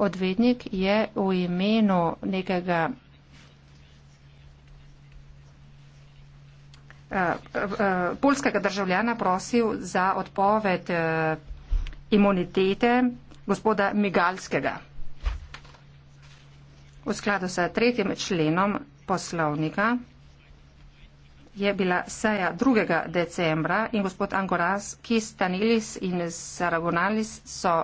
odvetnik je v imenu nekega eh, eh, polskega državljana prosil za odpoved eh, imunitete gospoda Migalskega. V skladu sa tretjim členom poslovnika je bila seja 2. decembra in gospod Angoras, Kistanilis in Saragonalis so